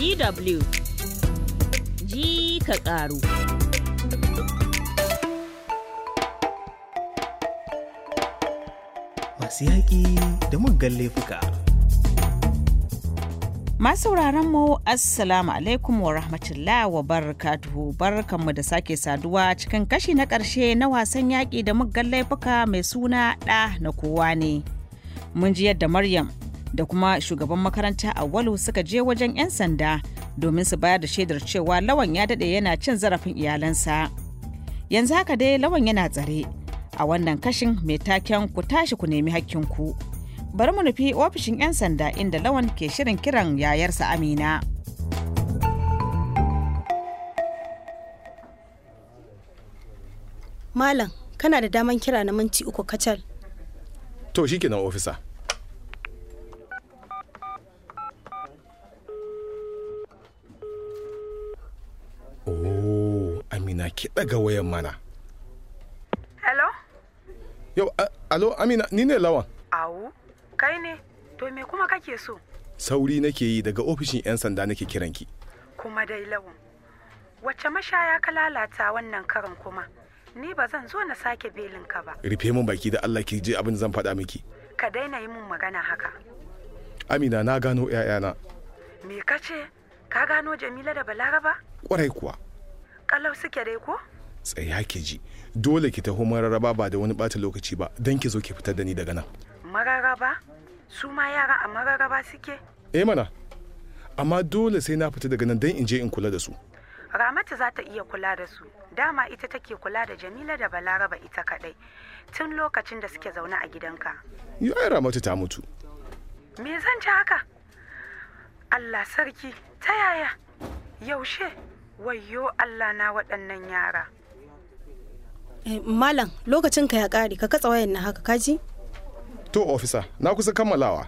DW ji ka ƙaru. Masu yaƙi da muggan laifuka. Masu mu Assalamu alaikum wa rahmatullah wa barakatuhu barkanmu da sake saduwa cikin kashi na ƙarshe na wasan yaƙi da muggan laifuka mai suna ɗa na kowa ne. Mun ji yadda Maryam da kuma shugaban makaranta a walu suka je wajen 'yan sanda domin su bayar da shaidar cewa Lawan ya daɗe yana cin zarafin iyalansa. Yanzu haka dai Lawan yana tsare a wannan kashin mai taken ku tashi ku nemi hakkinku. Bari mu nufi ofishin 'yan sanda inda Lawan ke shirin kiran yayarsa Amina. Malam, kana da daman kira na minti uku kacal. To shikenan ofisa. amina ki daga wayan mana hello yau alo amina ni ne lawan awu kai ne to me kuma kake so sauri nake yi daga ofishin 'yan sanda nake kiranki kuma dai lawan wacce mashaya ka lalata wannan karin kuma ni ba zan zo na sake belin ka ba rufe min baki da allah ki je abin zan faɗa miki ka daina yi min magana haka amina na gano 'ya'yana me kace ka gano jamila da balaraba kwarai kuwa kalau suke dai ko tsaya ki ji dole ki taho mararaba ba da wani bata lokaci ba don ki zo ki fitar da ni daga nan mararaba su ma yara a mararaba suke eh mana amma dole sai na fita daga nan don in je in kula da su ramatu za ta iya kula da su dama ita take kula da jamila da balaraba ita kaɗai, tun lokacin da suke zaune a gidanka yaya ramatu ta mutu me zan ci haka allah sarki ta yaya yaushe Wayyo Allah na waɗannan yara. Eh, malam lokacin ka ya ƙare ka katsa wayan na haka kaji? To ofisa na kusa kammalawa.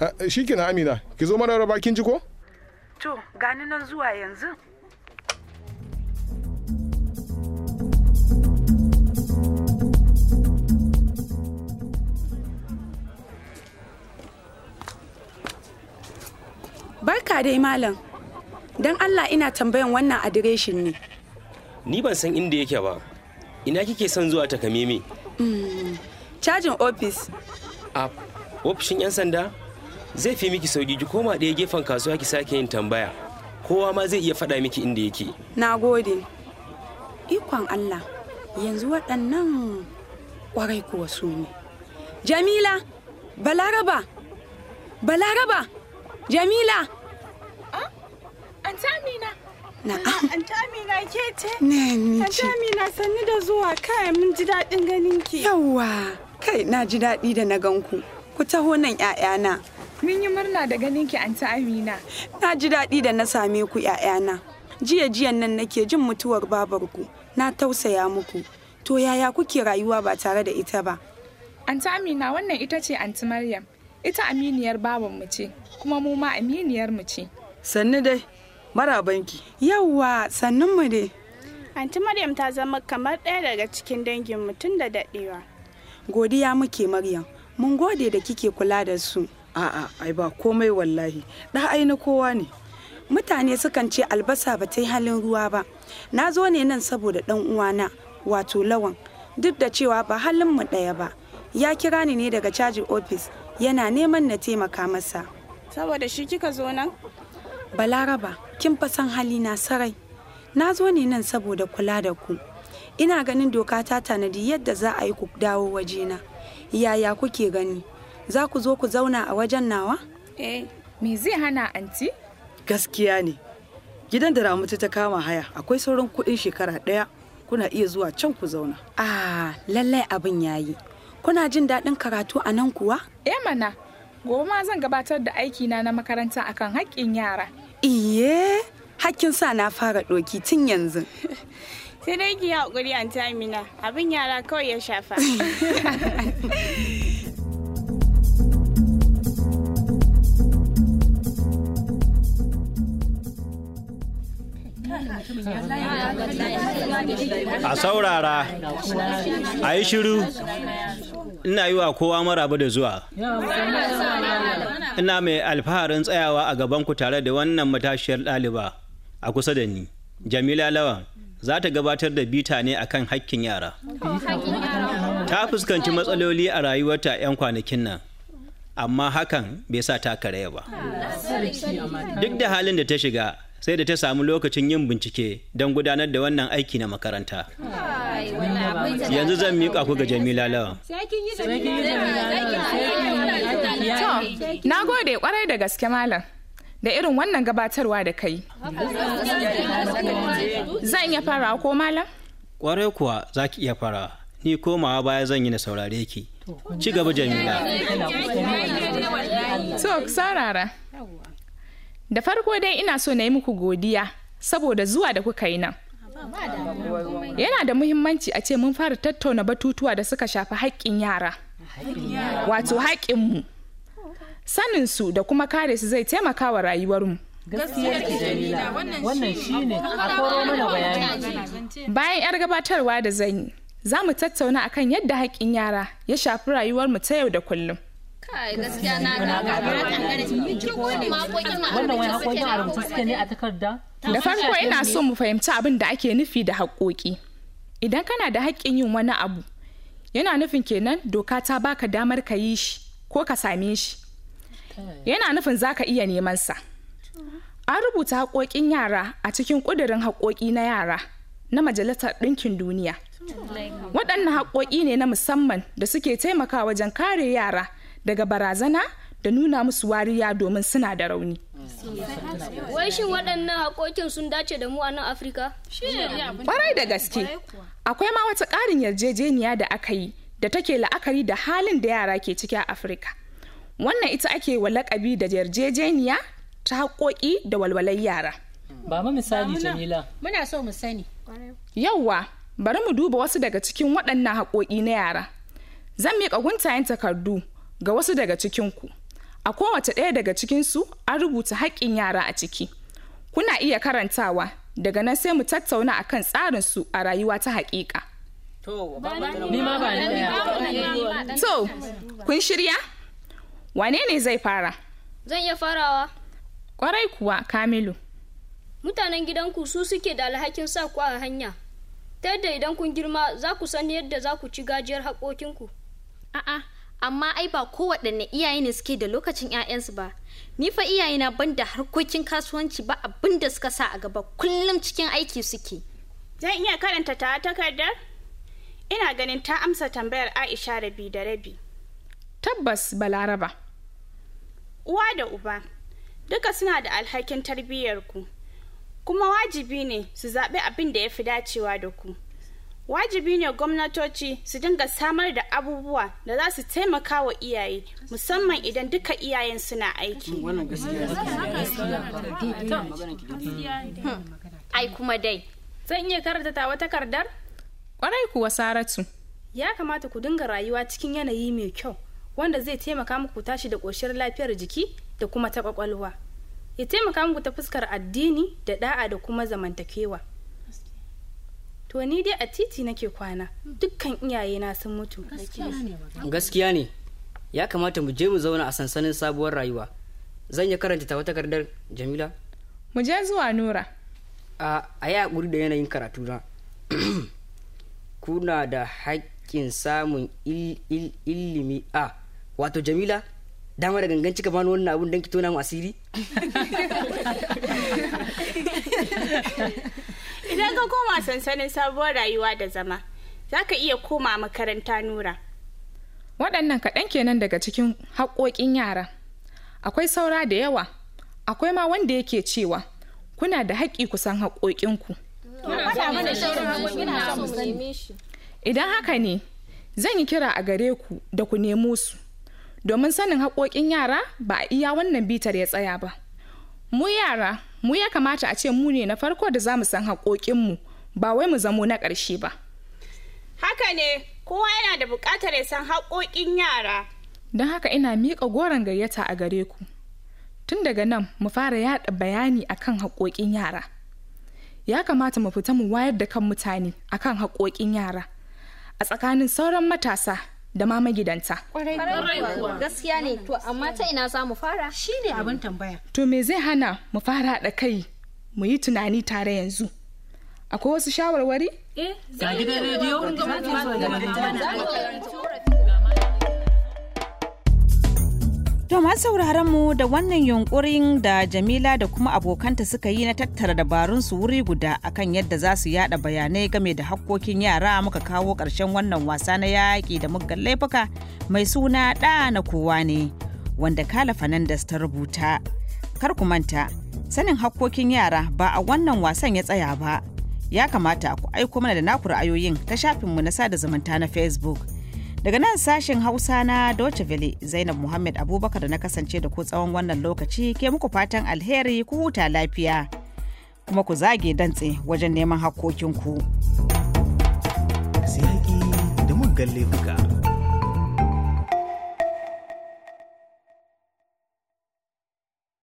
Ah, Shi Amina ki zo raba kin ji ko? To gani nan zuwa yanzu. Barka dai malam. don allah ina tambayan wannan adireshin ne ni ban san inda yake ba ina kike son zuwa takamimi hmm. cajin ofis a ofishin 'yan sanda zai fi miki sauki ki koma ɗaya gefen kasuwa ki sake yin tambaya kowa ma zai iya faɗa miki inda yake na gode ikon allah yanzu waɗannan ƙwarai kuwa su ne jamila balaraba balaraba jamila Amina. Na'am. Ah, Amina ke ce? Ne ni ce. Amina sanni da zuwa kai mun ji daɗin ganin ki. Yawwa. Kai na ji daɗi da na ganku. Ku taho nan ƴaƴana. Mun yi murna da ganin ki Anta Amina. Na ji daɗi da na same ku ƴaƴana. Jiya jiyan nan nake jin mutuwar babarku. Na tausaya muku. To yaya kuke rayuwa ba tare da ita ba? Anta Amina wannan ita ce Anti Maryam. Ita aminiyar babanmu ce, kuma mu ma aminiyar mu ce. Sannu dai, marabanki yawwa sannun mu dai anti maryam ta zama kamar ɗaya daga cikin dangin mutum da daɗewa godiya muke maryam mun gode da kike kula da su a'a ai ba komai wallahi Ɗan ai kowa ne mutane sukan ce albasa ba ta yi halin ruwa ba na zo ne nan saboda ɗan uwana wato lawan duk da cewa ba halin mu ɗaya ba ya kira ni ne daga caji ofis yana neman na taimaka masa saboda shi kika zo nan balaraba kin fa san na, sarai na zo ne nan saboda kula da ku ina ganin doka ta tanadi yadda za a yi ku dawo wajena yaya kuke gani za ku zo ku zauna a wajen nawa eh me zai hana anti gaskiya ne gidan da ramutu ta kama haya akwai sauran kuɗin shekara ɗaya kuna iya zuwa can ku zauna ah lallai abin yayi kuna jin daɗin karatu a nan kuwa eh mana gobe ma zan gabatar da aikina na makaranta akan haƙƙin yara Iye, hakkin sa na fara doki tun yanzu. Sai dai ki haƙuri an mina, abin yara kawai ya shafa. A saurara, a yi shiru, ina yi wa kowa marabu da zuwa. ina mai alfaharin tsayawa a gabanku tare da wannan matashiyar ɗaliba a kusa da ni jamila lawan za ta gabatar da bita ne akan hakkin yara ta fuskanci matsaloli a rayuwarta 'yan kwanakin nan amma hakan bai sa ta karaya ba duk da halin da ta shiga sai da ta samu lokacin yin bincike don gudanar da wannan aiki na makaranta yanzu zan miƙa ku ga jamila lawan na gode kwarai da gaske malam da irin wannan gabatarwa da kai zan iya fara ko malam kwarai kuwa za ki iya fara ni komawa baya zan yi na saurare ki ci gaba jamila so sarara da farko dai ina so na yi muku godiya saboda zuwa da kuka yi nan yana da muhimmanci a ce mun fara tattauna batutuwa da suka shafi haƙƙin yara wato haƙƙinmu sanin su da kuma kare su zai taimaka wa rayuwarmu mu. bayan yar gabatarwa da zan yi za mu tattauna akan yadda haƙƙin yara ya shafi rayuwarmu ta yau da kullum da farko ina so mu fahimci abin da ake nufi da haƙoƙi idan kana da haƙƙin yin wani abu yana nufin kenan doka ta baka damar ka yi shi ko ka same shi Eh. yana nufin za ka iya neman sa an rubuta haƙoƙin yara a cikin ƙudurin haƙoƙi na yara na majalisar ɗinkin duniya waɗannan haƙoƙi ne na musamman da suke taimaka wajen kare yara daga barazana da nuna musu wariya domin suna da rauni wai shin waɗannan haƙoƙin sun dace da mu a nan afirka ƙwarai da gaske akwai ma wata ƙarin yarjejeniya da aka yi da take la'akari da halin da yara ke ciki a afirka wannan ita ake wa lakabi da yarjejeniya ta haƙoƙi da walwalar yara ba ma misali jamila muna so mu sani yauwa bari mu duba wasu daga cikin waɗannan haƙoƙi na yara zan miƙa guntayen takardu ga wasu daga cikin ku a kowace ɗaya daga cikin su an rubuta haƙƙin yara a ciki kuna iya karantawa daga nan sai mu tattauna akan tsarin su a rayuwa ta haƙiƙa to kun shirya wane ne zai fara zan iya farawa kwarai kuwa kamilu mutanen gidanku su suke da alhakin sa ku a hanya ta yadda idan kun girma za ku san yadda za ku ci gajiyar haƙoƙinku a'a amma ai ba kowaɗanne iyaye ne suke da lokacin 'ya'yansu ba ni fa iyayena ban da harkokin kasuwanci ba abin da suka sa a gaba kullum cikin aiki suke zan iya karanta ta takardar ina ganin ta amsa tambayar aisha rabi da rabi tabbas balaraba uwa da uba duka suna da alhakin tarbiyyarku kuma wajibi ne su zaɓi abin da ya fi dacewa da ku wajibi ne gwamnatoci su dinga samar da abubuwa da za su taimaka wa iyaye musamman idan duka iyayen suna aiki hmm, hmm. ai kuma dai zan iya karanta tawa takardar kwarai kuwa saratu ya kamata ku dinga rayuwa cikin yanayi mai kyau wanda zai taimaka muku tashi da ƙoshiyar lafiyar jiki da kuma ta ƙwaƙwalwa ya taimaka muku ta fuskar addini da da'a da kuma zamantakewa to ni dai a titi nake kwana dukkan iyayena sun mutu gaskiya ne ya kamata mu je mu zauna a sansanin sabuwar rayuwa zan iya karanta tawa takardar jamila mu je zuwa nura a a yi da yanayin karatu na kuna da haƙƙin samun ilimi a wato jamila dama da ganganci ka bani wannan abun don ki tona mu asiri idan ka koma sansanin sabuwar rayuwa da zama za ka iya koma makaranta nura waɗannan kaɗan kenan daga cikin haƙoƙin yara akwai saura da yawa akwai ma wanda yake cewa kuna da haƙƙi kusan haƙoƙinku idan haka ne zan yi kira a gare ku da ku nemo su domin sanin haƙoƙin yara ba a iya wannan bitar ya tsaya ba mu yara mu ya kamata a ce mu ne na farko da za mu san haƙoƙinmu ba wai mu zamo na ƙarshe ba haka ne kowa yana da buƙatar ya san haƙoƙin yara don haka ina miƙa goron gayyata a gare ku tun daga nan mu fara yaɗa bayani akan haƙoƙin yara ya kamata mu fita mu wayar da kan mutane akan haƙoƙin yara a tsakanin sauran matasa da ma magidanta. Gaskiya ne to amma ta ina za mu fara? Shi ne abin tambaya. To me zai hana mu fara da kai mu yi tunani tare yanzu? Akwai wasu shawarwari? Eh, ga gidan rediyo? To masu sauraron mu da wannan yunkurin da Jamila da kuma abokanta suka yi na tattara dabarun su wuri guda akan yadda za su yada bayanai game da hakkokin yara muka kawo ƙarshen wannan wasa na yaƙi da muggan laifuka mai suna ɗa na kowa ne wanda Kala Fernandez ta rubuta. Kar ku manta, sanin hakkokin yara ba a wannan wasan ya tsaya ba. Ya kamata ku aiko mana da naku ra'ayoyin ta shafinmu na sada zumunta na Facebook. Daga nan sashen Hausa na Deutsche Welle Zainab Muhammad Abubakar da na kasance da ku tsawon wannan lokaci ke muku fatan alheri ku huta lafiya kuma ku zage dantse wajen neman hakokinku. Siyaki da muggan laifuka.